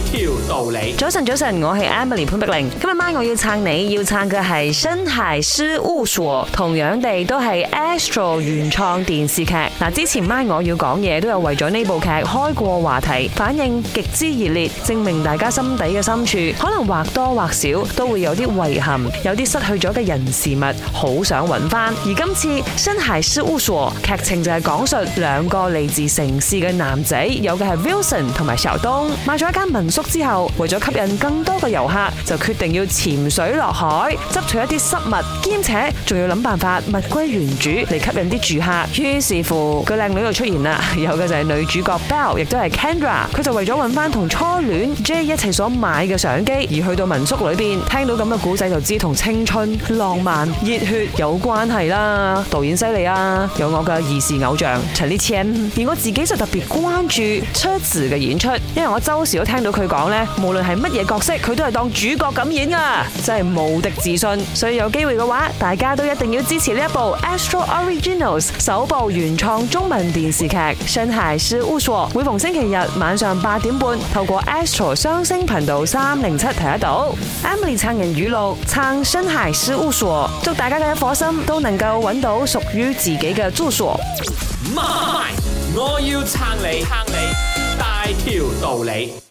條道理，早晨早晨，我係 Emily 潘碧玲，今日晚我要撐你，要撐嘅係《新鞋師烏索》，同樣地都係 Astro 原創電視劇。嗱，之前晚我要講嘢，都有為咗呢部劇開過話題，反應極之熱烈，證明大家心底嘅深處，可能或多或少都會有啲遺憾，有啲失去咗嘅人事物，好想揾翻。而今次《新鞋師烏索》，劇情就係講述兩個嚟自城市嘅男仔，有嘅係 Wilson 同埋邵東，買咗一間文民宿之後，為咗吸引更多嘅遊客，就決定要潛水落海，執取一啲失物，兼且仲要諗辦法物歸原主嚟吸引啲住客。於是乎，個靚女就出現啦，有嘅就係女主角 Bell，亦都係 Kendra，佢就為咗揾翻同初戀 Jay 一齊所買嘅相機，而去到民宿裏邊，聽到咁嘅古仔就知同青春、浪漫、熱血有關係啦。導演犀利啊！有我嘅兒時偶像陳立謙，而我自己就特別關注 Tracy 嘅演出，因為我周時都聽到。佢講咧，無論係乜嘢角色，佢都係當主角咁演啊！真係無敵自信，所以有機會嘅話，大家都一定要支持呢一部 Astro Originals 首部原創中文電視劇《新鞋事務所》。每逢星期日晚上八點半，透過 Astro 雙星頻道三零七睇得到。Emily 撐人語錄：撐新鞋事務所，祝大家嘅一顆心都能夠揾到屬於自己嘅住所。My, 我要撐你，撐你大條道理。